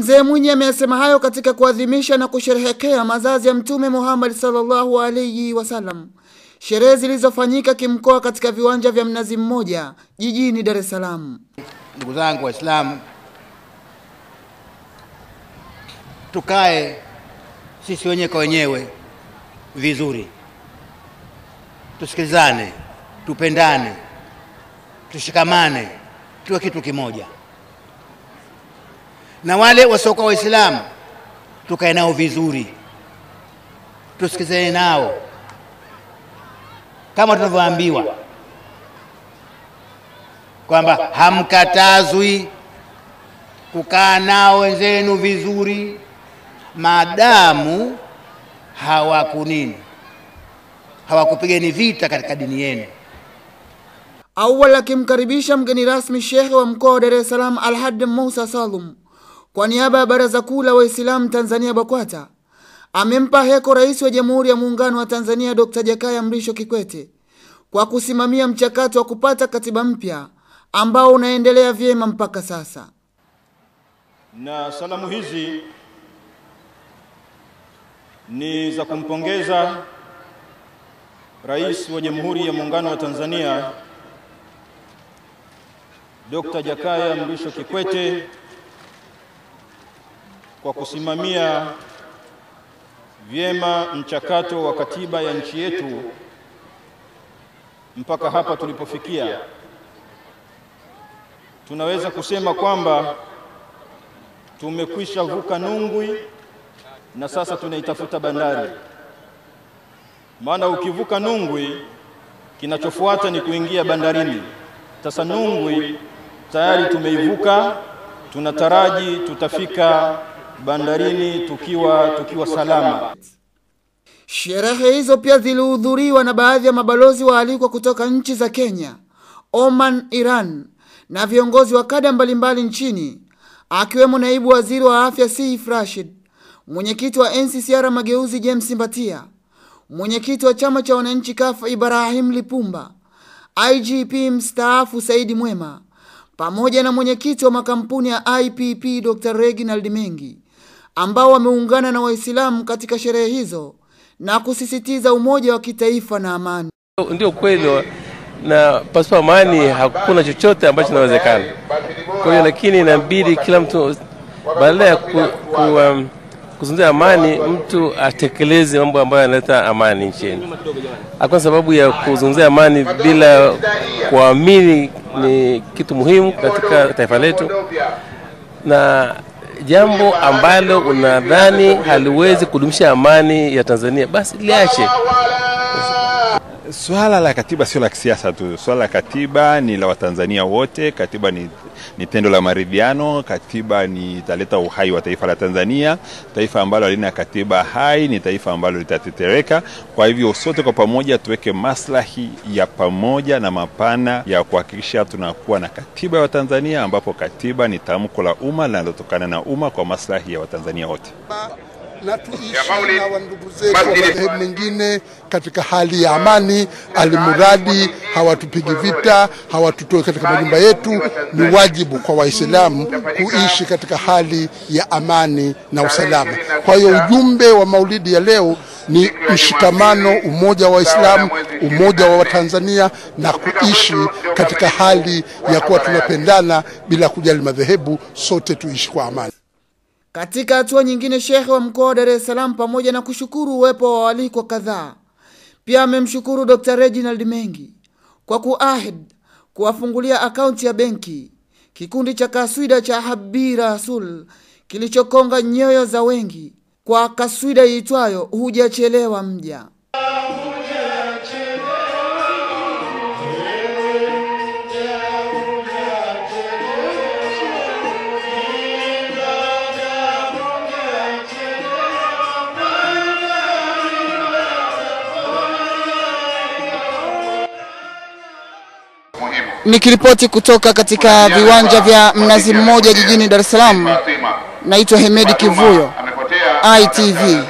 Mzee Mwinyi amesema hayo katika kuadhimisha na kusherehekea mazazi ya Mtume Muhammad sallallahu alaihi wasallam, sherehe zilizofanyika kimkoa katika viwanja vya Mnazi Mmoja jijini Dar es Salaam. Ndugu zangu Waislamu, tukae sisi wenyewe kwa wenyewe vizuri, tusikilizane, tupendane, tushikamane, tuwe kitu kimoja na wale wasiokuwa Waislamu tukae nao vizuri, tusikizane nao kama tunavyoambiwa kwamba hamkatazwi kukaa nao wenzenu vizuri maadamu hawakunini hawakupigeni vita katika dini yenu. Awal akimkaribisha mgeni rasmi shekhe wa mkoa wa Dar es Salaam Alhad Musa Salum kwa niaba ya Baraza Kuu la Waislamu Tanzania BAKWATA amempa heko Rais wa Jamhuri ya Muungano wa Tanzania Dr. Jakaya Mrisho Kikwete kwa kusimamia mchakato wa kupata katiba mpya ambao unaendelea vyema mpaka sasa. Na salamu hizi ni za kumpongeza Rais wa Jamhuri ya Muungano wa Tanzania Dr. Jakaya Mrisho Kikwete kwa kusimamia vyema mchakato wa katiba ya nchi yetu mpaka hapa tulipofikia. Tunaweza kusema kwamba tumekwisha vuka nungwi na sasa tunaitafuta bandari, maana ukivuka nungwi kinachofuata ni kuingia bandarini. Sasa nungwi tayari tumeivuka, tunataraji tutafika bandarini tukiwa tukiwa salama. Sherehe hizo pia zilihudhuriwa na baadhi ya mabalozi waalikwa kutoka nchi za Kenya, Oman, Iran na viongozi wa kada mbalimbali nchini akiwemo naibu waziri wa afya Seif Rashid, mwenyekiti wa NCCR Mageuzi James Mbatia, mwenyekiti wa chama cha wananchi kafa Ibrahim Lipumba, IGP mstaafu Saidi Mwema pamoja na mwenyekiti wa makampuni ya IPP Dr. Reginald Mengi ambao wameungana na Waislamu katika sherehe hizo na kusisitiza umoja wa kitaifa na amani. Ndio kweli, na pasipo amani hakuna chochote ambacho kinawezekana. Kwa hiyo, lakini inabidi kila mtu badala ya ku, ku, um, kuzungumzia amani, mtu atekeleze mambo ambayo yanaleta amani nchini. Hakuna sababu ya kuzungumzia amani bila kuamini ni kitu muhimu katika taifa letu na jambo ambalo unadhani haliwezi kudumisha amani ya Tanzania, basi liache. Swala la katiba sio la kisiasa tu. Swala la katiba ni la Watanzania wote. Katiba ni, ni tendo la maridhiano. Katiba ni italeta uhai wa taifa la Tanzania. Taifa ambalo halina katiba hai ni taifa ambalo litatetereka. Kwa hivyo sote kwa pamoja tuweke maslahi ya pamoja na mapana ya kuhakikisha tunakuwa na katiba ya Watanzania, ambapo katiba ni tamko la umma linalotokana na umma kwa maslahi ya Watanzania wote na tuishi na wandugu zetu wa madhehebu mengine katika hali ya amani, alimuradi hawatupigi vita, hawatutoe katika majumba yetu. Ni wajibu kwa Waislamu kuishi katika hali ya amani na usalama. Kwa hiyo ujumbe wa maulidi ya leo ni mshikamano, umoja wa Waislamu, umoja wa Watanzania na kuishi katika hali ya kuwa tunapendana bila kujali madhehebu, sote tuishi kwa amani. Katika hatua nyingine, shekhe wa mkoa wa Dar es Salaam pamoja na kushukuru uwepo wa waalikwa kadhaa, pia amemshukuru Dr. Reginald Mengi kwa kuahid kuwafungulia akaunti ya benki kikundi cha kaswida cha Habi Rasul kilichokonga nyoyo za wengi kwa kaswida iitwayo hujachelewa mja. Nikiripoti kutoka katika viwanja vya Mnazi Mmoja jijini Dar es Salaam, naitwa Hemedi Kivuyo, ITV.